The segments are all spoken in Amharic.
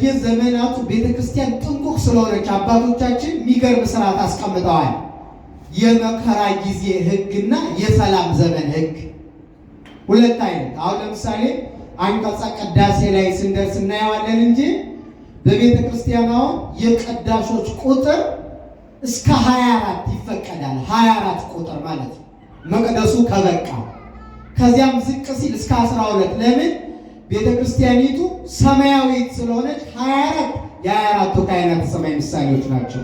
በየዘመናቱ ቤተክርስቲያን ጥንቁቅ ስለሆነች አባቶቻችን የሚገርም ስርዓት አስቀምጠዋል። የመከራ ጊዜ ህግና የሰላም ዘመን ህግ ሁለት አይነት። አሁን ለምሳሌ አንቀጸ ቅዳሴ ላይ ስንደርስ እናየዋለን እንጂ በቤተ ክርስቲያን አሁን የቀዳሾች ቁጥር እስከ 24 ይፈቀዳል። 24 ቁጥር ማለት መቅደሱ ከበቃ ከዚያም ዝቅ ሲል እስከ 12 ለምን ቤተ ክርስቲያኒቱ ሰማያዊት ስለሆነች 24 የ 24 ቱ ካህናተ ሰማይ ምሳሌዎች ናቸው።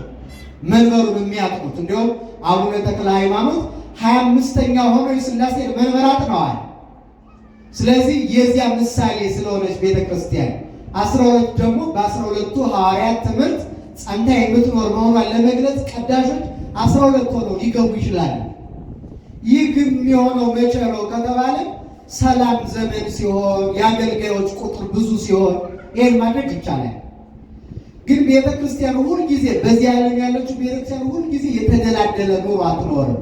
መንበሩን የሚያጥኑት እንዲሁም አቡነ ተክለ ሃይማኖት ሀያ አምስተኛ ሆኖ የስላሴ መንበር አጥነዋል። ስለዚህ የዚያ ምሳሌ ስለሆነች ቤተ ክርስቲያን አስራ ሁለቱ ደግሞ በአስራ ሁለቱ ሐዋርያት ትምህርት ጸንታ የምትኖር መሆኗን ለመግለጽ ቀዳሾች አስራ ሁለት ሆነው ሊገቡ ይችላሉ። ይህ ግን የሚሆነው መቼ ነው ከተባለ ሰላም ዘመን ሲሆን የአገልጋዮች ቁጥር ብዙ ሲሆን ይህን ማድረግ ይቻላል። ግን ቤተክርስቲያን ሁልጊዜ በዚህ ዓለም ያለችው ቤተክርስቲያን ሁልጊዜ የተደላደለ ኑሮ አትኖርም።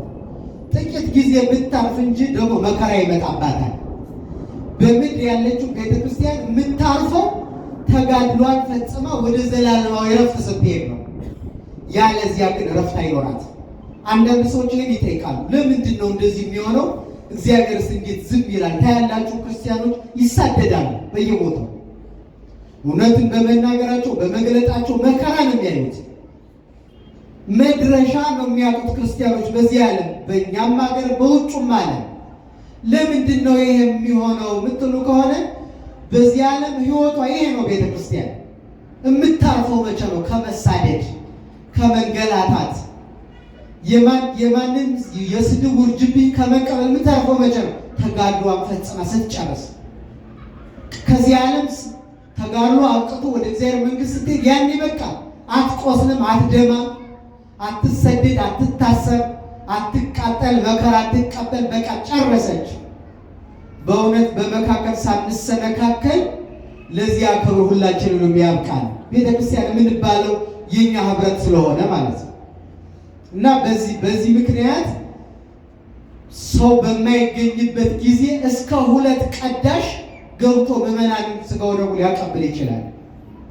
ጥቂት ጊዜ ብታርፍ እንጂ ደግሞ መከራ ይመጣባታል። በምድር ያለችው ቤተክርስቲያን የምታርፈው ተጋድሏን ፈጽማ ወደ ዘላለማዊ ረፍት ስትሄድ ነው። ያለዚያ ግን ረፍት አይኖራት። አንዳንድ ሰዎች ይህን ይጠይቃሉ። ለምንድን ነው እንደዚህ የሚሆነው? እግዚአብሔርስ እንዴት ዝም ይላል? ታያላችሁ፣ ክርስቲያኖች ይሳደዳሉ በየቦታው እውነትን በመናገራቸው በመግለጣቸው መከራ ነው የሚያዩት። መድረሻ ነው የሚያውቁት ክርስቲያኖች በዚህ ዓለም በእኛም ሀገር በውጩም ዓለም። ለምንድን ነው ይሄ የሚሆነው የምትሉ ከሆነ በዚህ ዓለም ህይወቷ ይሄ ነው። ቤተ ክርስቲያን የምታርፈው መቼ ነው? ከመሳደድ ከመንገላታት የማንም የስድብ ውርጅብኝ ከመቀበል ምታርፎ መቼ ነው? ተጋድሏን ፈጽማ ስትጨርስ ከዚህ ዓለም ተጋድሎ አብቅቶ ወደ እግዚአብሔር መንግስት ስትሄድ ያኔ በቃ አትቆስልም፣ አትደማ አትሰደድ፣ አትታሰር፣ አትቃጠል፣ መከራ አትቃጠል። በቃ ጨረሰች። በእውነት በመካከል ሳንሰነካከል ለዚያ ክብር ሁላችንን የሚያብቃል ቤተክርስቲያን የምንባለው የኛ ህብረት ስለሆነ ማለት ነው። እና በዚህ በዚህ ምክንያት ሰው በማይገኝበት ጊዜ እስከ ሁለት ቀዳሽ ገብቶ ምዕመናን ስጋው ደግሞ ሊያቀብል ይችላል።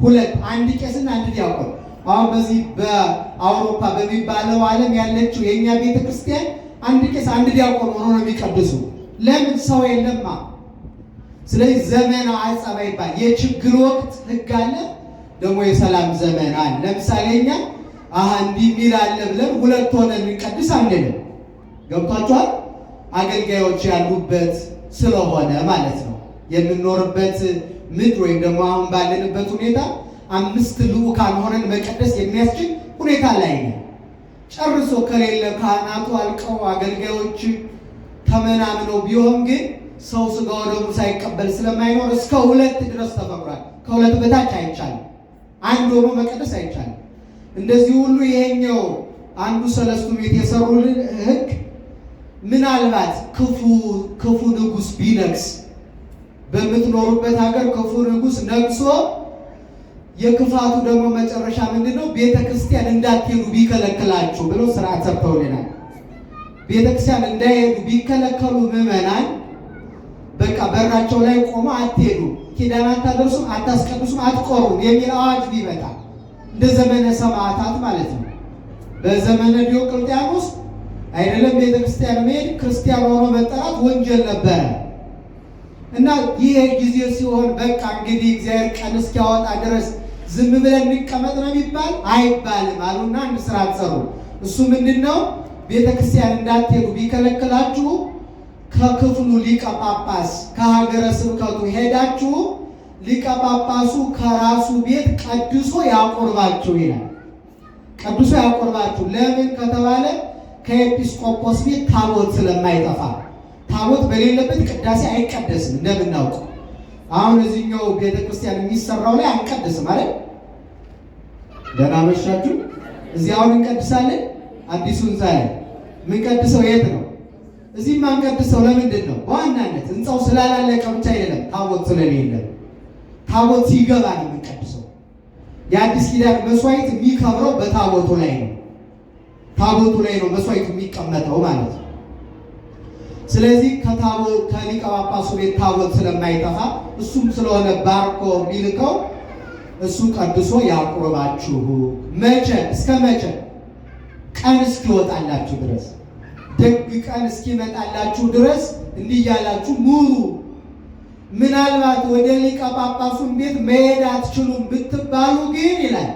ሁለት አንድ ቄስና አንድ ዲያቆን። አሁን በዚህ በአውሮፓ በሚባለው ዓለም ያለችው የእኛ ቤተ ክርስቲያን አንድ ቄስ አንድ ዲያቆን ሆኖ ነው የሚቀድሱ። ለምን ሰው የለማ። ስለዚህ ዘመን አጸባ ይባል የችግር ወቅት ህግ አለ፣ ደግሞ የሰላም ዘመን አለ። ለምሳሌ እኛ አሀ እንዲህ የሚል አለ ብለን ሁለት ሆነ እንቀድስ አንልም። ገብቷችኋል? አገልጋዮች ያሉበት ስለሆነ ማለት ነው። የምንኖርበት ምድር ወይም ደግሞ አሁን ባለንበት ሁኔታ አምስት ልዑካን ሆነን መቀደስ የሚያስችል ሁኔታ ላይ ነው። ጨርሶ ከሌለ ካህናቱ አልቀው አገልጋዮች ተመናምነው ቢሆን ግን ሰው ስጋ ደግሞ ሳይቀበል ስለማይኖር እስከ ሁለት ድረስ ተፈቅሯል። ከሁለት በታች አይቻልም። አንድ ሆኖ መቀደስ አይቻልም። እንደዚህ ሁሉ ይሄኛው አንዱ ሰለስቱ ቤት የሰሩልን ህግ ምናልባት ክፉ ክፉ ንጉስ ቢነግስ በምትኖሩበት ሀገር ክፉ ንጉስ ነግሶ የክፋቱ ደግሞ መጨረሻ ምንድን ነው? ቤተ ክርስቲያን እንዳትሄዱ ቢከለክላችሁ ብለው ስርዓት ሰርተውልናል። ቤተ ክርስቲያን እንዳይሄዱ ቢከለከሉ ምዕመናን በቃ በራቸው ላይ ቆመ አትሄዱ፣ ኪዳን አታደርሱም፣ አታስቀድሱም፣ አትቆሩም የሚል አዋጅ ቢመጣ እንደ ዘመነ ሰማዕታት ማለት ነው። በዘመነ ዲዮቅልጥያኖስ አይደለም ቤተክርስቲያን መሄድ ክርስቲያን ሆኖ መጠራት ወንጀል ነበረ እና ይህ ጊዜ ሲሆን በቃ እንግዲህ እግዚአብሔር ቀን እስኪያወጣ ድረስ ዝም ብለን እንቀመጥ ነው የሚባል አይባልም አሉና አንድ ስራ እሱ ምንድን ነው? ቤተክርስቲያን እንዳትሄዱ ቢከለክላችሁ ከክፍሉ ሊቀ ጳጳስ ከሀገረ ስብከቱ ሄዳችሁ ሊቀ ጳጳሱ ከራሱ ቤት ቀድሶ ያቆርባቸው ይላል። ቀድሶ ያቆርባችሁ ለምን ከተባለ ከኤጲስቆጶስ ቤት ታቦት ስለማይጠፋ፣ ታቦት በሌለበት ቅዳሴ አይቀደስም እንደምናውቅ። አሁን እዚህኛው ቤተክርስቲያን የሚሰራው ላይ አንቀደስም ማለት ደህና መሻችሁ። እዚህ አሁን እንቀድሳለን። አዲሱ ህንፃ ላይ የምንቀድሰው የት ነው? እዚህ የማንቀድሰው ለምንድን ነው? በዋናነት ህንፃው ስላላለቀ ብቻ አይደለም፣ ታቦት ስለሌለ ታቦት ሲገባ ነው የሚቀድሰው። የአዲስ ኪዳን መስዋዕት የሚከብረው በታቦቱ ላይ ነው። ታቦቱ ላይ ነው መስዋዕት የሚቀመጠው ማለት ነው። ስለዚህ ከታቦት ከሊቀ ጳጳሱ ቤት ታቦት ስለማይጠፋ እሱም ስለሆነ ባርኮ ቢልከው እሱ ቀድሶ ያቁርባችሁ። መቼ? እስከ መቼ? ቀን እስኪወጣላችሁ ድረስ፣ ደግ ቀን እስኪመጣላችሁ ድረስ እንዲያላችሁ እያላችሁ ሙሉ ምናልባት ወደ ሊቀ ጳጳሱን ቤት መሄድ አትችሉም ብትባሉ ግን ይላል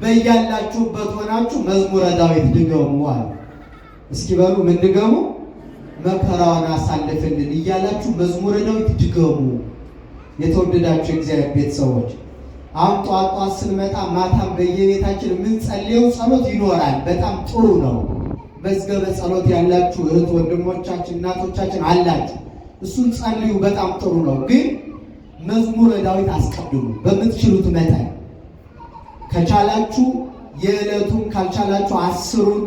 በያላችሁበት ሆናችሁ መዝሙረ ዳዊት ድገሙ አሉ። እስኪ በሉ ምን ድገሙ? መከራውን አሳልፍልን እያላችሁ መዝሙረ ዳዊት ድገሙ። የተወደዳችሁ እግዚአብሔር ቤተሰቦች አሁን ጧት ጧት ስንመጣ ማታም በየቤታችን የምንጸልየው ጸሎት ይኖራል። በጣም ጥሩ ነው። መዝገበ ጸሎት ያላችሁ እህት ወንድሞቻችን፣ እናቶቻችን አላችሁ እሱን ጸልዩ። በጣም ጥሩ ነው። ግን መዝሙረ ዳዊት አስቀድሙ በምትችሉት መጠን ከቻላችሁ የዕለቱን ካልቻላችሁ አስሩን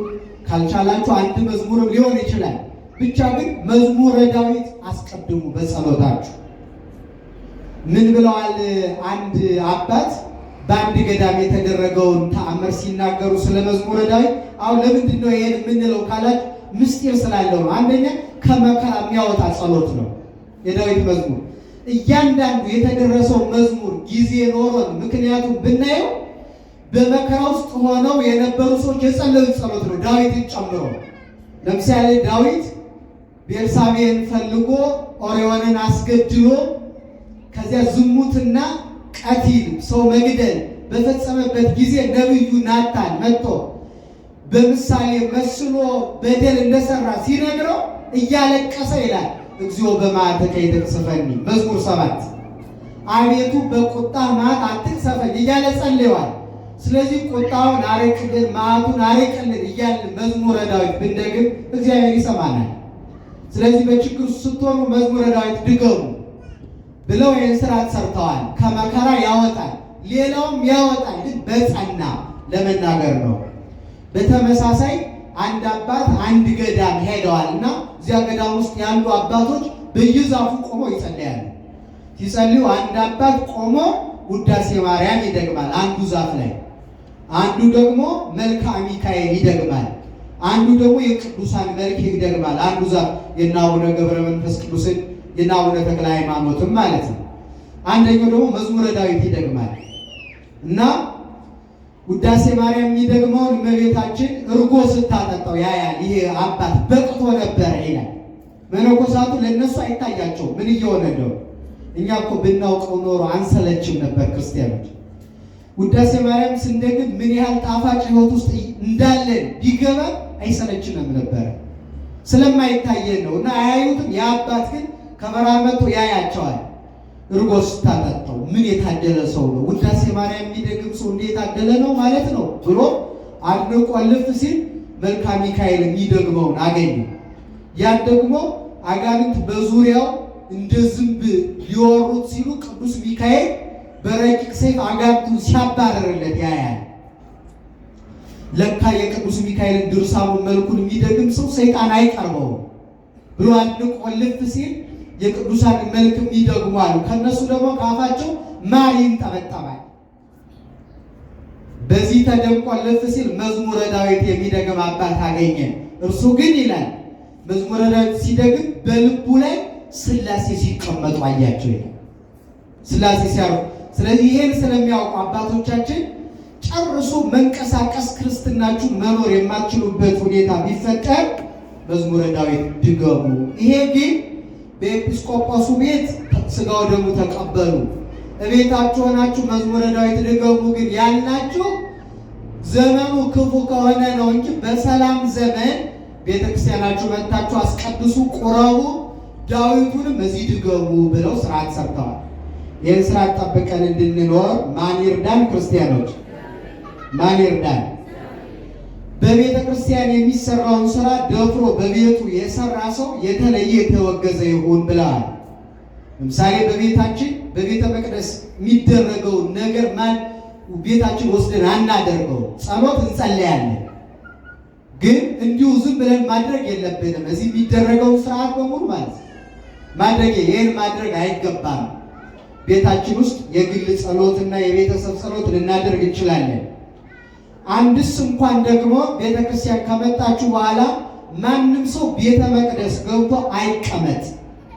ካልቻላችሁ አንድ መዝሙር ሊሆን ይችላል። ብቻ ግን መዝሙረ ዳዊት አስቀድሙ በጸሎታችሁ። ምን ብለዋል? አንድ አባት በአንድ ገዳም የተደረገውን ተአምር ሲናገሩ ስለ መዝሙረ ዳዊት። አሁን ለምንድን ነው ይሄን የምንለው ካላችሁ ምስጢር ስላለው ነው። አንደኛ ከመከራ የሚያወጣ ጸሎት ነው የዳዊት መዝሙር። እያንዳንዱ የተደረሰው መዝሙር ጊዜ ኖሮን ምክንያቱም ብናየው በመከራ ውስጥ ሆነው የነበሩ ሰዎች የጸለዩት ጸሎት ነው ዳዊትን ጨምሮ። ለምሳሌ ዳዊት ቤርሳቤን ፈልጎ ኦሪዮንን አስገድሎ ከዚያ ዝሙትና ቀቲል ሰው መግደል በፈጸመበት ጊዜ ነብዩ ናታን መጥቶ በምሳሌ መስሎ በደል እንደሰራ ሲነግረው እያለቀሰ ይላል እግዚኦ በመዓትከ ይትቅሰፈኒ መዝሙር ሰባት አቤቱ በቁጣ መዓት አትቅሰፈኝ እያለ ጸልዋል። ስለዚህ ቁጣውን አርቅልን፣ መዓቱን አርቅልን እያልን መዝሙረ ዳዊት ብንደግም እግዚአብሔር ይሰማናል። ስለዚህ በችግር ስትሆኑ መዝሙረ ዳዊት ድገሙ ብለው ይህን ስርዓት ሰርተዋል። ከመከራ ያወጣል፣ ሌላውም ያወጣል። ግን በጸና ለመናገር ነው። በተመሳሳይ አንድ አባት አንድ ገዳም ሄደዋል እና እዚያ ገዳም ውስጥ ያሉ አባቶች በየዛፉ ቆመው ይጸልያሉ። ሲጸልዩ አንድ አባት ቆሞ ውዳሴ ማርያም ይደግማል አንዱ ዛፍ ላይ፣ አንዱ ደግሞ መልካ ሚካኤል ይደግማል፣ አንዱ ደግሞ የቅዱሳን መልክ ይደግማል። አንዱ ዛፍ የእነ አቡነ ገብረ መንፈስ ቅዱስን የእነ አቡነ ተክለ ሃይማኖትም ማለት ነው። አንደኛው ደግሞ መዝሙረ ዳዊት ይደግማል እና ውዳሴ ማርያም የሚደግመውን እመቤታችን እርጎ ስታጠጣው ያያል። ይሄ አባት በቅቶ ነበረ ይላል። መነኮሳቱ ለእነሱ አይታያቸው ምን እየሆነ ነው? እኛ እኮ ብናውቀው ኖሮ አንሰለችም ነበር። ክርስቲያኖች ውዳሴ ማርያም ስንደግም ምን ያህል ጣፋጭ ሕይወት ውስጥ እንዳለን ቢገባ አይሰለችንም ነበረ። ስለማይታየን ነው እና አያዩትም። የአባት ግን ከበራ መጥቶ ያያቸዋል። እርጎ ስታጠጣው ምን የታደለ ሰው ነው፣ ውዳሴ ማርያም የሚደግም ሰው እንዴት የታደለ ነው ማለት ነው ብሎ አድንቆ ልፍ ሲል መልካ ሚካኤል የሚደግመውን አገኘ። ያን ደግሞ አጋንንት በዙሪያው እንደ ዝንብ ሊወሩት ሲሉ ቅዱስ ሚካኤል በረቂቅ ሰይፍ አጋንቱ ሲያባረርለት ያያል። ለካ የቅዱስ ሚካኤልን ድርሳሙን መልኩን የሚደግም ሰው ሰይጣን አይቀርበውም ብሎ አድንቆ ልፍ ሲል የቅዱሳን መልክም ይደግማሉ። ከነሱ ደግሞ ከአፋቸው ማር ይንጠበጠባል። በዚህ ተደምቆ ልፍ ሲል መዝሙረ ዳዊት የሚደግም አባት አገኘ። እርሱ ግን ይላል መዝሙረ ዳዊት ሲደግም በልቡ ላይ ስላሴ ሲቀመጡ አያቸው ይላል። ስላሴ ሲያሩ። ስለዚህ ይሄን ስለሚያውቁ አባቶቻችን ጨርሶ መንቀሳቀስ ክርስትናችሁ መኖር የማትችሉበት ሁኔታ ቢፈጠር መዝሙረ ዳዊት ድገሙ። ይሄ ግን በኤጲስቆጶሱ ቤት ስጋው ደሙ ተቀበሉ። እቤታችሁ ሆናችሁ መዝሙረ ዳዊት ድገሙ። ግን ያላችሁ ዘመኑ ክፉ ከሆነ ነው እንጂ በሰላም ዘመን ቤተክርስቲያናችሁ መታችሁ አስቀድሱ፣ ቁረቡ፣ ዳዊቱንም እዚህ ድገሙ ብለው ስርዓት ሰርተዋል። ይህን ስርዓት ጠብቀን እንድንኖር ማን ይርዳን? ክርስቲያኖች ማን ይርዳን? በቤተ ክርስቲያን የሚሰራውን ስራ ደፍሮ በቤቱ የሰራ ሰው የተለየ የተወገዘ ይሁን ብለዋል። ለምሳሌ በቤታችን በቤተ መቅደስ የሚደረገውን ነገር ማን ቤታችን ወስደን አናደርገው። ጸሎት እንጸለያለን፣ ግን እንዲሁ ዝም ብለን ማድረግ የለብንም። እዚህ የሚደረገውን ስርዓት በሙሉ ማለት ማድረግ ይህን ማድረግ አይገባም። ቤታችን ውስጥ የግል ጸሎትና የቤተሰብ ጸሎት ልናደርግ እንችላለን። አንድስ እንኳን ደግሞ ቤተ ክርስቲያን ከመጣችሁ በኋላ ማንም ሰው ቤተ መቅደስ ገብቶ አይቀመጥ፣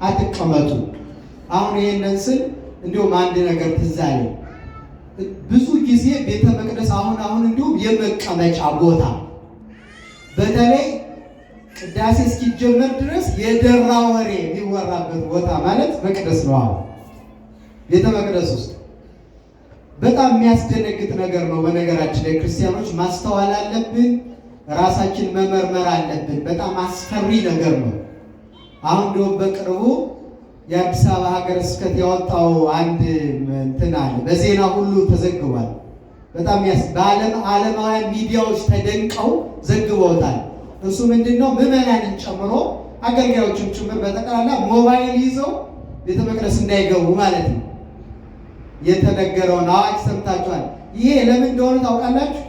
አትቀመጡ። አሁን ይህንን ስል እንዲሁም አንድ ነገር ትዝ አለኝ። ብዙ ጊዜ ቤተ መቅደስ አሁን አሁን እንዲሁም የመቀመጫ ቦታ በተለይ ቅዳሴ እስኪጀመር ድረስ የደራ ወሬ የሚወራበት ቦታ ማለት መቅደስ ነው። አሁን ቤተ መቅደስ ውስጥ በጣም የሚያስደነግጥ ነገር ነው። በነገራችን ላይ ክርስቲያኖች ማስተዋል አለብን፣ ራሳችን መመርመር አለብን። በጣም አስፈሪ ነገር ነው። አሁን እንደውም በቅርቡ የአዲስ አበባ ሀገረ ስብከት ያወጣው አንድ እንትን አለ፣ በዜና ሁሉ ተዘግቧል። በጣም በዓለም ዓለማውያን ሚዲያዎች ተደንቀው ዘግበውታል። እሱ ምንድን ነው? ምዕመናንን ጨምሮ አገልጋዮችን ጭምር በጠቅላላ ሞባይል ይዘው ቤተ መቅደስ እንዳይገቡ ማለት ነው። የተነገረውን አዋጅ ሰምታችኋል። ይሄ ለምን እንደሆነ ታውቃላችሁ?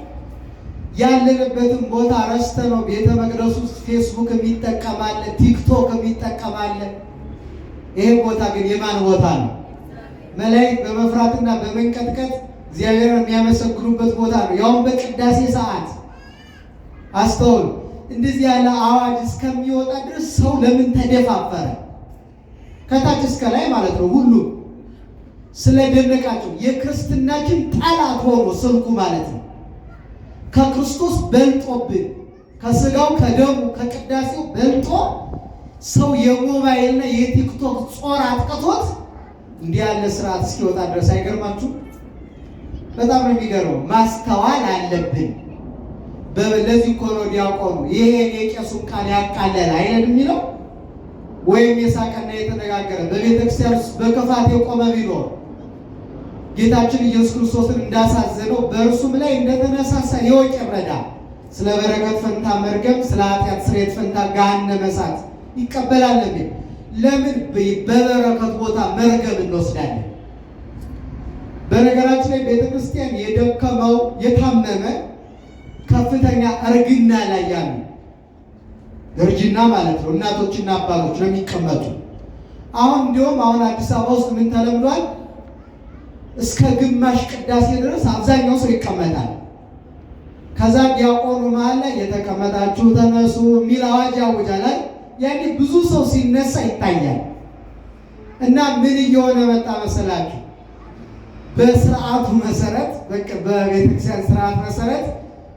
ያለንበትን ቦታ ረስተ ነው። ቤተ መቅደስ ውስጥ ፌስቡክ የሚጠቀማለ፣ ቲክቶክ የሚጠቀማለ። ይሄ ቦታ ግን የማን ቦታ ነው? መላእክት በመፍራትና በመንቀጥቀጥ እግዚአብሔር የሚያመሰግኑበት ቦታ ነው። ያውም በቅዳሴ ሰዓት አስተውል። እንደዚህ ያለ አዋጅ እስከሚወጣ ድረስ ሰው ለምን ተደፋፈረ? ከታች እስከ ላይ ማለት ነው ሁሉም ስለደነቃቸው የክርስትናችን ጠላት ሆኖ ስልኩ ማለት ነው። ከክርስቶስ በልጦብን ከስጋው ከደሙ ከቅዳሴው በልጦ ሰው የሞባይልና የቲክቶክ ጾር አጥቅቶት እንዲህ ያለ ስርዓት እስኪወጣ ድረስ አይገርማችሁ? በጣም ነው የሚገርመው። ማስተዋል አለብን። ለዚህ እኮ ነው ዲያቆኑ ይሄ የቄሱን ቃል ያቃለል አይነት የሚለው ወይም የሳቀና የተነጋገረ በቤተክርስቲያን ውስጥ በክፋት የቆመ ቢኖር ጌታችን ኢየሱስ ክርስቶስን እንዳሳዘነው በእርሱም ላይ እንደተነሳሳ ይወቅ ይረዳ ስለ በረከት ፈንታ መርገም፣ ስለ ኃጢአት ስርየት ፈንታ ገሃነመ እሳት ይቀበላል ለምን በበረከት ቦታ መርገም እንወስዳለን? በነገራችን ላይ ቤተክርስቲያን የደከመው የታመመ ከፍተኛ እርግና ላይ ያሉ እርጅና ማለት ነው እናቶችና አባቶች ነው የሚቀመጡ። አሁን እንዲሁም አሁን አዲስ አበባ ውስጥ ምን ተለምዷል? እስከ ግማሽ ቅዳሴ ድረስ አብዛኛው ሰው ይቀመጣል። ከዛ ዲያቆኑ መሀል ላይ የተቀመጣችሁ ተነሱ የሚል አዋጅ ያውጃላል። ያኔ ብዙ ሰው ሲነሳ ይታያል። እና ምን እየሆነ መጣ መሰላችሁ? በስርዓቱ መሰረት በቤተክርስቲያን ስርዓት መሰረት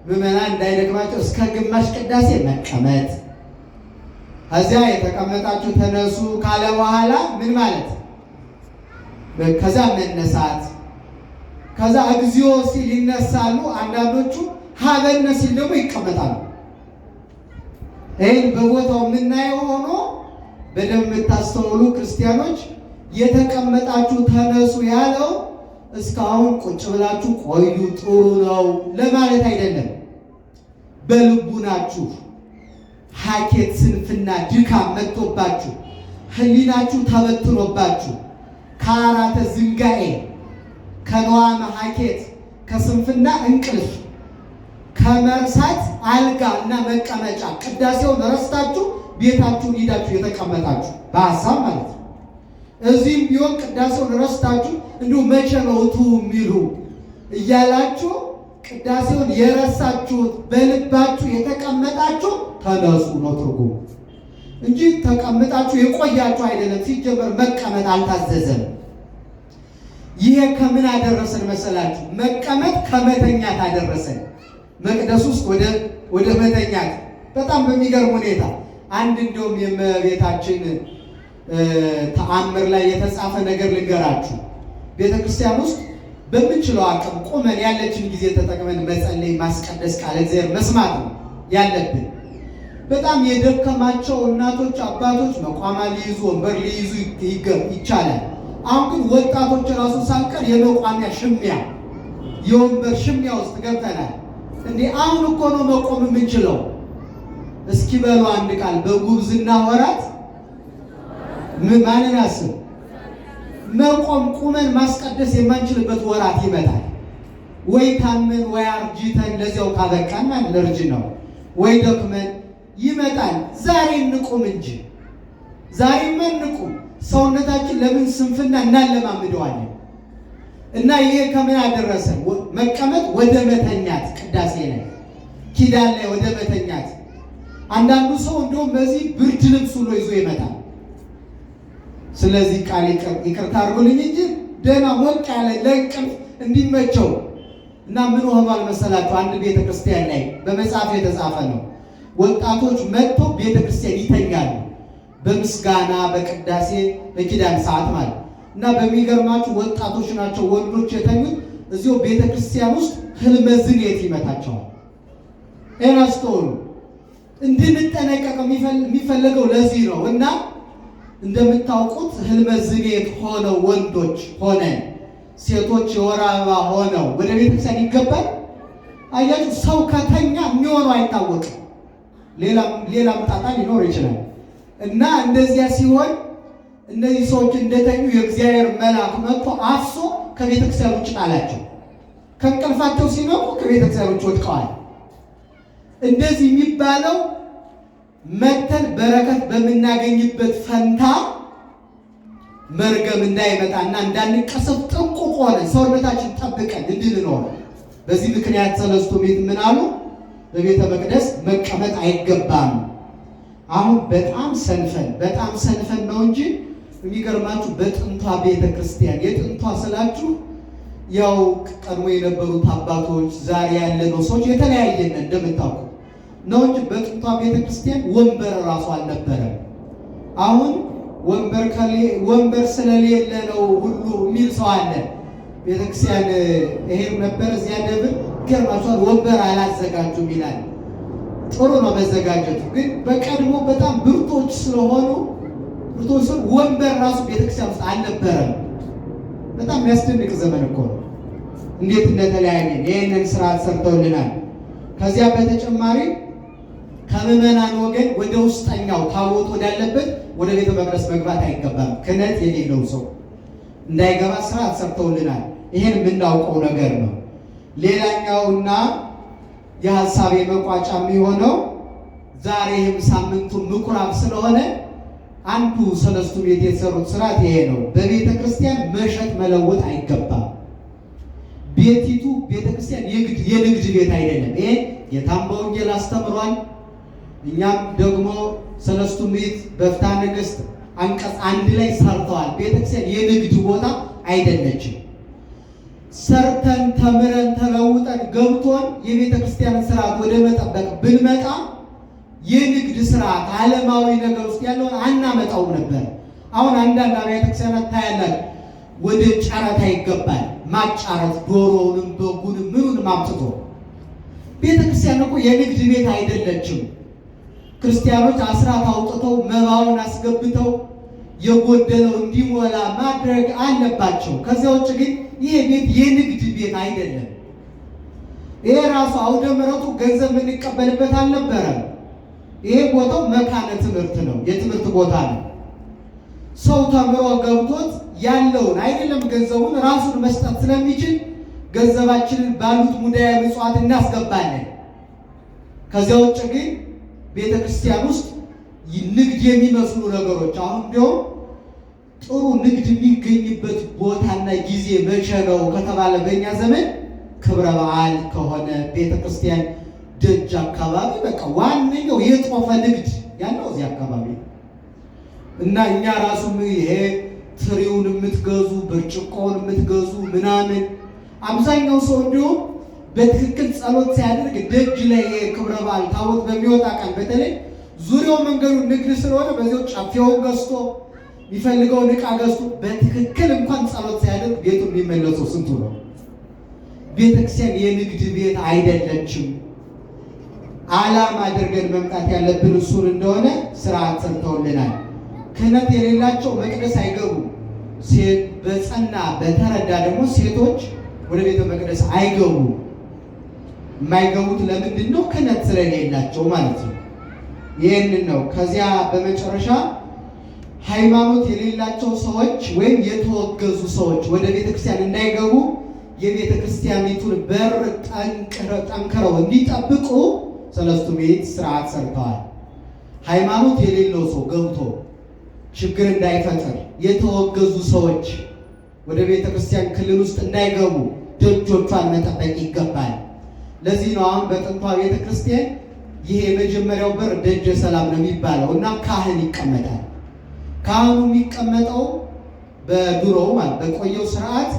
ምዕመናን እንዳይደክማቸው እስከ ግማሽ ቅዳሴ መቀመጥ፣ ከዚያ የተቀመጣችሁ ተነሱ ካለ በኋላ ምን ማለት ከዛ መነሳት ከዛ እግዚኦ ሲል ይነሳሉ። አንዳንዶቹ ሀበነ ሲል ደግሞ ይቀመጣሉ። ይህን በቦታው የምናየው ሆኖ በደንብ የምታስተውሉ ክርስቲያኖች የተቀመጣችሁ ተነሱ ያለው እስካሁን ቁጭ ብላችሁ ቆዩ ጥሩ ነው ለማለት አይደለም። በልቡናችሁ ሀኬት፣ ስንፍና፣ ድካም መጥቶባችሁ ህሊናችሁ ተበትኖባችሁ ከአራተ ዝንጋኤ ከነዋመ ሀኬት ከስንፍና እንቅልፍ ከመርሳት አልጋ እና መቀመጫ ቅዳሴውን ረስታችሁ ቤታችሁን ሂዳችሁ የተቀመጣችሁ በሀሳብ ማለት ነው። እዚህም ቢሆን ቅዳሴውን ረስታችሁ እንዲሁ መቼ ነው እቱ የሚሉ እያላችሁ ቅዳሴውን የረሳችሁት በልባችሁ የተቀመጣችሁ ተነሱ ነው ትርጉሙ። እንጂ ተቀምጣችሁ የቆያችሁ አይደለም። ሲጀመር መቀመጥ አልታዘዘም። ይሄ ከምን አደረሰን መሰላችሁ? መቀመጥ ከመተኛት አደረሰን። መቅደስ ውስጥ ወደ መተኛት በጣም በሚገርም ሁኔታ አንድ እንደውም የእመቤታችን ተአምር ላይ የተጻፈ ነገር ልንገራችሁ። ቤተ ክርስቲያን ውስጥ በምንችለው አቅም ቆመን ያለችን ጊዜ ተጠቅመን መጸለይ፣ ማስቀደስ፣ ቃለ እግዚአብሔር መስማት ነው ያለብን። በጣም የደከማቸው እናቶች፣ አባቶች መቋሚያ ሊይዙ ወንበር ሊይዙ ይቻላል። አሁን ግን ወጣቶች ራሱ ሳንቀር የመቋሚያ ሽሚያ የወንበር ሽሚያ ውስጥ ገብተናል። እንዴ አሁን እኮ ነው መቆም የምንችለው። እስኪ በሉ አንድ ቃል በጉብዝና ወራት ማንን አስብ መቆም ቁመን ማስቀደስ የማንችልበት ወራት ይመጣል። ወይ ታመን ወይ አርጅተን ለዚያው ማለት ለእርጅ ነው ወይ ደክመን ይመጣል። ዛሬ እንቁም እንጂ ዛሬማ እንቁም። ሰውነታችን ለምን ስንፍና እናለማምደዋለን? እና ይሄ ከምን አደረሰ? መቀመጥ ወደ መተኛት ቅዳሴ ላይ ኪዳን ላይ ወደ መተኛት። አንዳንዱ ሰው እንደውም በዚህ ብርድ ልብስ ብሎ ይዞ ይመጣል። ስለዚህ ቃል ይቅርታ አድርጎልኝ እንጂ ደህና ሞቅ ያለ ለቅም እንዲመቸው እና ምን ሆኗል መሰላችሁ? አንድ ቤተክርስቲያን ላይ በመጽሐፍ የተጻፈ ነው ወጣቶች መጥቶ ቤተ ክርስቲያን ይተኛሉ። በምስጋና በቅዳሴ በኪዳን ሰዓት ማለት እና በሚገርማችሁ ወጣቶች ናቸው ወንዶች የተኙት እዚሁ ቤተ ክርስቲያን ውስጥ ህልመ ዝኔት ይመታቸዋል። ይህን እንድንጠነቀቅ የሚፈለገው ለዚህ ነው እና እንደምታውቁት ህልመ ዝኔት ሆነው ወንዶች ሆነ ሴቶች የወር አበባ ሆነው ወደ ቤተክርስቲያን ይገባል። አያችሁ ሰው ከተኛ የሚሆነው አይታወቅም። ሌላም ጣጣ ሊኖር ይችላል እና እንደዚያ ሲሆን እነዚህ ሰዎች እንደተኙ የእግዚአብሔር መልአክ መጥቶ አፍሶ ከቤተክርስቲያን ውጭ ጣላቸው። ከእንቅልፋቸው ሲነቁ ከቤተክርስቲያን ውጭ ወድቀዋል። እንደዚህ የሚባለው መተን በረከት በምናገኝበት ፈንታ መርገም እንዳይመጣና እንዳንቀሰፍ ጥንቁቅ ሆነ ሰውነታችን ጠብቀን እንድንኖር በዚህ ምክንያት ሰለስቱ ምዕት ምን አሉ? በቤተ መቅደስ መቀመጥ አይገባም። አሁን በጣም ሰንፈን በጣም ሰንፈን ነው እንጂ የሚገርማችሁ በጥንቷ ቤተ ክርስቲያን የጥንቷ ስላችሁ ያው ቀድሞ የነበሩት አባቶች ዛሬ ያለነው ሰዎች የተለያየ እንደምታውቁ ነው እንጂ በጥንቷ ቤተ ክርስቲያን ወንበር እራሱ አልነበረም። አሁን ወንበር ወንበር ስለሌለ ነው ሁሉ የሚል ሰው አለ። ቤተክርስቲያን ይሄም ነበር እዚያ ደብር ገማሷን ወንበር አላዘጋጁም ይላል። ጥሩ ነው መዘጋጀቱ፣ ግን በቀድሞ በጣም ብርቶች ስለሆኑ ብርቶች ስለሆኑ ወንበር ራሱ ቤተክርስቲያን ውስጥ አልነበረም። በጣም የሚያስደንቅ ዘመን እኮ ነው። እንዴት እንደተለያየ ይህንን ስርዓት ሰርተውልናል። ከዚያ በተጨማሪ ከምዕመናን ወገን ወደ ውስጠኛው ታቦት ወዳለበት ወደ ቤተ መቅደስ መግባት አይገባም። ክህነት የሌለው ሰው እንዳይገባ ስርዓት ሰርተውልናል። ይህን የምናውቀው ነገር ነው። ሌላኛውና የሀሳብ የመቋጫ የሚሆነው ዛሬ ይህም ሳምንቱ ምኩራብ ስለሆነ አንዱ ሰለስቱ ቤት የተሰሩት ስርዓት ይሄ ነው። በቤተ ክርስቲያን መሸጥ መለወጥ አይገባም። ቤቲቱ ቤተ ክርስቲያን የንግድ ቤት አይደለም። ይሄ የታምባ ወንጌል አስተምሯል። እኛም ደግሞ ሰለስቱ ምዕት በፍታ ነገስት አንቀጽ አንድ ላይ ሰርተዋል። ቤተ ክርስቲያን የንግድ ቦታ አይደለችም። ሰርተን ተምረን ተለውጠን ገብቶን የቤተ ክርስቲያን ስርዓት ወደ መጠበቅ ብንመጣ የንግድ ስርዓት ዓለማዊ ነገር ውስጥ ያለውን አናመጣው ነበር። አሁን አንዳንድ አብያተ ክርስቲያናት ታያላችሁ፣ ወደ ጨረታ ይገባል። ማጫረት ዶሮውንም፣ በጉንም፣ ምኑንም አምጥቶ ቤተ ክርስቲያን እኮ የንግድ ቤት አይደለችም። ክርስቲያኖች አስራት አውጥተው መባውን አስገብተው የጎደለው እንዲሞላ ማድረግ አለባቸው። ከዚያ ውጭ ግን ይህ ቤት የንግድ ቤት አይደለም። ይሄ ራሱ አውደ ምረቱ ገንዘብ የምንቀበልበት አልነበረም። ይሄ ቦታው መካነ ትምህርት ነው፣ የትምህርት ቦታ ነው። ሰው ተምሮ ገብቶት ያለውን አይደለም ገንዘቡን ራሱን መስጠት ስለሚችል ገንዘባችንን ባሉት ሙዳየ ምጽዋት እናስገባለን። ከዚያ ውጭ ግን ቤተ ክርስቲያን ውስጥ ንግድ የሚመስሉ ነገሮች አሁን ቢሆን ጥሩ ንግድ የሚገኝበት ቦታና ጊዜ መቼ ነው ከተባለ በእኛ ዘመን ክብረ በዓል ከሆነ ቤተክርስቲያን ደጅ አካባቢ በቃ ዋነኛው የጦፈ ንግድ ያለው እዚህ አካባቢ እና እኛ ራሱ ይሄ ትሪውን የምትገዙ ብርጭቆውን የምትገዙ ምናምን አብዛኛው ሰው እንዲሁም በትክክል ጸሎት ሲያደርግ ደጅ ላይ ክብረ በዓል ታቦት በሚወጣ ቀን በተለይ ዙሪያው መንገዱ ንግድ ስለሆነ በዚያው ጨፌውን ገዝቶ የሚፈልገውን ዕቃ ገዝቶ በትክክል እንኳን ጸሎት ሳያደርግ ቤቱ የሚመለሰው ስንቱ ነው? ቤተክርስቲያን የንግድ ቤት አይደለችም። ዓላማ አድርገን መምጣት ያለብን እሱን እንደሆነ ስራ ሰርተውልናል። ክህነት የሌላቸው መቅደስ አይገቡም። በጸና በተረዳ ደግሞ ሴቶች ወደ ቤተ መቅደስ አይገቡ የማይገቡት ለምንድን ነው? ክህነት ስለሌላቸው ማለት ነው። ይህንን ነው። ከዚያ በመጨረሻ ሃይማኖት የሌላቸው ሰዎች ወይም የተወገዙ ሰዎች ወደ ቤተክርስቲያን እንዳይገቡ የቤተ ክርስቲያኒቱን በር ጠንክረው እንዲጠብቁ ሰለስቱ ቤት ስርዓት ሰርተዋል። ሃይማኖት የሌለው ሰው ገብቶ ችግር እንዳይፈጥር የተወገዙ ሰዎች ወደ ቤተ ክርስቲያን ክልል ውስጥ እንዳይገቡ ደጆቿን መጠበቅ ይገባል። ለዚህ ነው አሁን በጥንቷ ቤተ ክርስቲያን ይሄ የመጀመሪያው በር ደጀ ሰላም ነው የሚባለው እና ካህን ይቀመጣል። ካህኑ የሚቀመጠው በድሮው ማለት በቆየው ስርዓት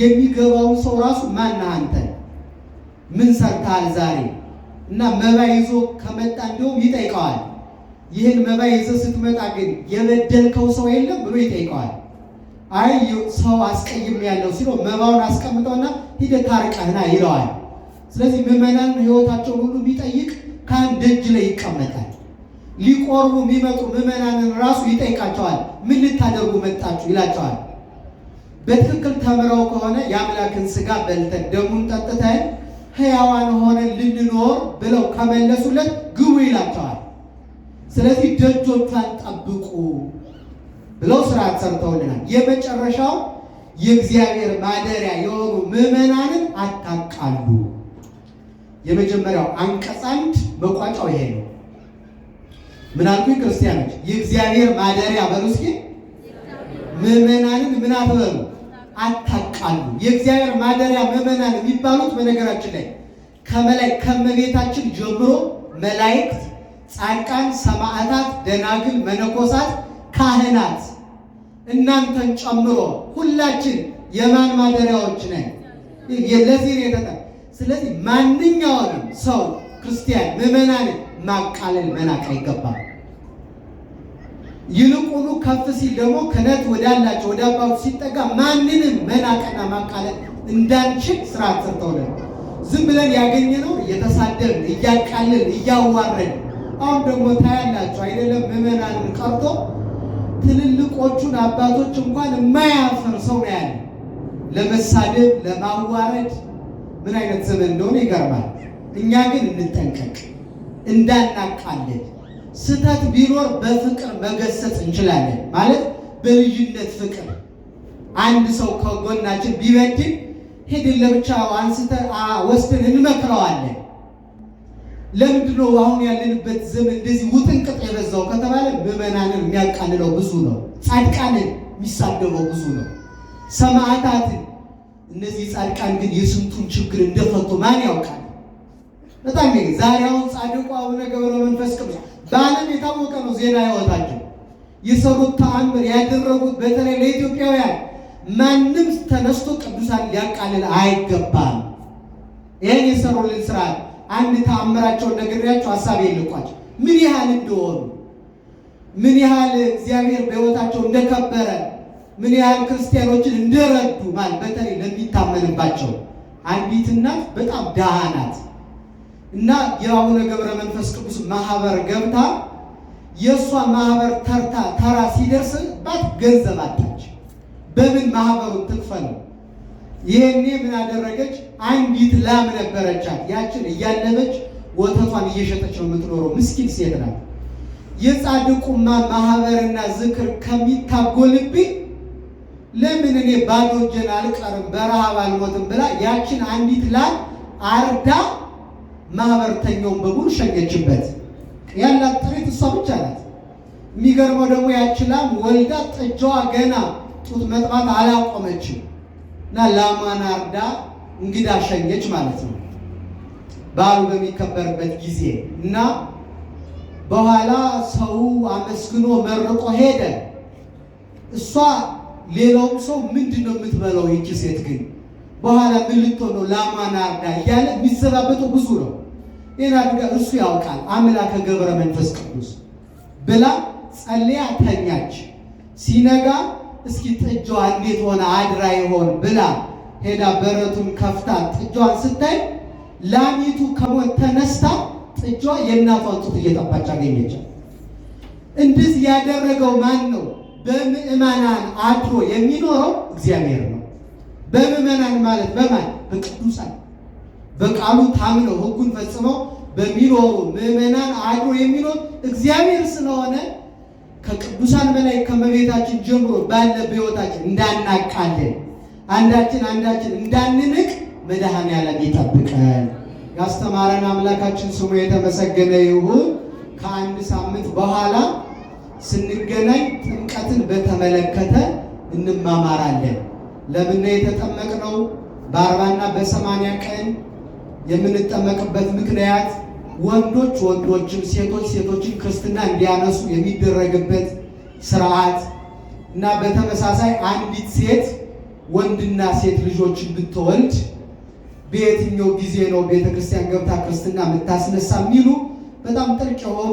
የሚገባውን ሰው ራሱ ማን አንተ ምን ሰርተሃል ዛሬ እና መባ ይዞ ከመጣ እንዲሁም ይጠይቀዋል። ይህን መባ ይዘ ስትመጣ ግን የበደልከው ሰው የለም ብሎ ይጠይቀዋል። አይ ሰው አስቀይም ያለው ሲሎ መባውን አስቀምጠውና ሂደህ ታርቀህና ይለዋል። ስለዚህ ምዕመናን ሕይወታቸውን ሁሉ የሚጠይቅ ከአንድ ደጅ ላይ ይቀመጣል። ሊቆርቡ የሚመጡ ምዕመናንን ራሱ ይጠይቃቸዋል። ምን ልታደርጉ መጣችሁ ይላቸዋል። በትክክል ተምረው ከሆነ የአምላክን ስጋ በልተን ደሙን ጠጥተን ሕያዋን ሆነን ልንኖር ብለው ከመለሱለት ግቡ ይላቸዋል። ስለዚህ ደጆቿን ጠብቁ ብለው ስርዓት ሰርተውልናል። የመጨረሻው የእግዚአብሔር ማደሪያ የሆኑ ምዕመናንን አታቃሉ። የመጀመሪያው አንቀጽ አንድ መቋጫው ይሄ ነው። ምን አልኩኝ? ክርስቲያኖች የእግዚአብሔር ማደሪያ በሉ እስኪ። ምዕመናንን ምን አትበሉ አታቃሉ። የእግዚአብሔር ማደሪያ ምዕመናን የሚባሉት በነገራችን ላይ ከመላይ ከመቤታችን ጀምሮ መላእክት፣ ጻድቃን፣ ሰማዕታት፣ ደናግል፣ መነኮሳት፣ ካህናት እናንተን ጨምሮ ሁላችን የማን ማደሪያዎች ነን? ለዚህ ነው ስለዚህ ማንኛውንም ሰው ክርስቲያን ምዕመናንን ማቃለል መናቅ አይገባም። ይልቁኑ ከፍ ሲል ደግሞ ክህነት ወዳላቸው ወደ አባቱ ሲጠጋ ማንንም መናቅና ማቃለል እንዳንችል ስርዓት ሰርተውለን ዝም ብለን ያገኘነው እየተሳደብን እያቃልን እያዋረን አሁን ደግሞ ታያላቸው አይደለም ምዕመናንን ቀርቶ ትልልቆቹን አባቶች እንኳን የማያፈር ሰው ነው ያለ ለመሳደብ ለማዋረድ ምን አይነት ዘመን እንደሆነ ይገርማል። እኛ ግን እንጠንቀቅ እንዳናቃለን። ስህተት ቢኖር በፍቅር መገሰጽ እንችላለን። ማለት በልዩነት ፍቅር አንድ ሰው ከጎናችን ቢበድል ሄድን ለብቻ አንስተን ወስደን እንመክረዋለን። ለምንድን ነው አሁን ያለንበት ዘመን እንደዚህ ውጥንቅጥ የበዛው ከተባለ ምዕመናንን የሚያቃልለው ብዙ ነው። ጻድቃንን የሚሳደበው ብዙ ነው። ሰማዕታትን እነዚህ ጻድቃን ግን የስንቱን ችግር እንደፈቱ ማን ያውቃል? በጣም ይገርም። ዛሬ አሁን ጻድቁ አቡነ ገብረ መንፈስ ቅዱስ በዓለም የታወቀ ነው ዜና ያወጣቸው የሰሩት ተአምር ያደረጉት በተለይ ለኢትዮጵያውያን ማንም ተነስቶ ቅዱሳን ሊያቃልል አይገባም። ይህን የሰሩልን ስርዓት አንድ ተአምራቸውን ነግሬያቸው ሀሳብ የልቋቸው ምን ያህል እንደሆኑ ምን ያህል እግዚአብሔር በሕይወታቸው እንደከበረ ምን ያህል ክርስቲያኖችን እንደረዱ ማን በተለይ ለሚታመንባቸው አንዲት እናት በጣም ድሃ ናት እና የአቡነ ገብረ መንፈስ ቅዱስ ማህበር ገብታ የእሷ ማህበር ተርታ ተራ ሲደርስባት ገንዘብ አጣች። በምን ማህበሩን ትክፈለው? ይህኔ ምን አደረገች? አንዲት ላም ነበረቻት። ያችን እያለበች ወተቷን እየሸጠች ነው የምትኖረው። ምስኪን ሴት ናት። የጻድቁማ ማህበርና ዝክር ከሚታጎልብኝ ለምን እኔ ባዶ እጄን አልቀርም በረሃብ አልሞትም ብላ ያችን አንዲት ላም አርዳ ማህበርተኛውን በሙሉ ሸኘችበት። ያላት ጥሪት እሷ ብቻ ናት። የሚገርመው ደግሞ ያች ላም ወልዳ ጥጃዋ ገና ጡት መጥባት አላቆመችም እና ላማን አርዳ እንግዳ ሸኘች ማለት ነው በዓሉ በሚከበርበት ጊዜ እና በኋላ ሰው አመስግኖ መርቆ ሄደ እሷ ሌላውም ሰው ምንድን ነው የምትበላው ይቺ ሴት ግን በኋላ ምን ልትሆን ነው ላሟን አርዳ እያለ የሚዘባበጠው ብዙ ነው። ሌላ አድርጋ እሱ ያውቃል አምላከ ገብረ መንፈስ ቅዱስ ብላ ጸልያ ተኛች። ሲነጋ እስኪ ጥጃዋ እንዴት ሆነ አድራ ይሆን ብላ ሄዳ በረቱን ከፍታ ጥጃዋን ስታይ ላሚቱ ከሞት ተነስታ ጥጃዋ የእናቷን ጡት እየጠባች አገኘቻት። እንደዚህ ያደረገው ማን ነው? በምእመናን አድሮ የሚኖረው እግዚአብሔር ነው። በምእመናን ማለት በማን በቅዱሳን በቃሉ ታምነው ህጉን ፈጽመው በሚኖሩ ምእመናን አድሮ የሚኖር እግዚአብሔር ስለሆነ ከቅዱሳን በላይ ከመቤታችን ጀምሮ ባለ በሕይወታችን እንዳናቃለን አንዳችን አንዳችን እንዳንንቅ መድሃን ዓለም ይጠብቀን። ያስተማረን አምላካችን ስሙ የተመሰገነ ይሁን። ከአንድ ሳምንት በኋላ ስንገናኝ ጥምቀትን በተመለከተ እንማማራለን። ለምን ነው የተጠመቅነው? በአርባና በሰማንያ ቀን የምንጠመቅበት ምክንያት ወንዶች ወንዶችን ሴቶች ሴቶችን ክርስትና እንዲያነሱ የሚደረግበት ስርዓት እና በተመሳሳይ አንዲት ሴት ወንድና ሴት ልጆችን ብትወልድ በየትኛው ጊዜ ነው ቤተክርስቲያን ገብታ ክርስትና የምታስነሳ የሚሉ በጣም ጥልቅ የሆኑ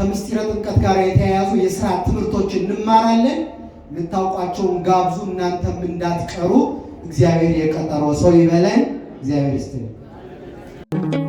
ከምስጢረ ጥምቀት ጋር የተያያዙ የስራ ትምህርቶች እንማራለን። የምታውቋቸውን ጋብዙ፣ እናንተም እንዳትቀሩ። እግዚአብሔር የቀጠሮ ሰው ይበለን። እግዚአብሔር ይስጥልን።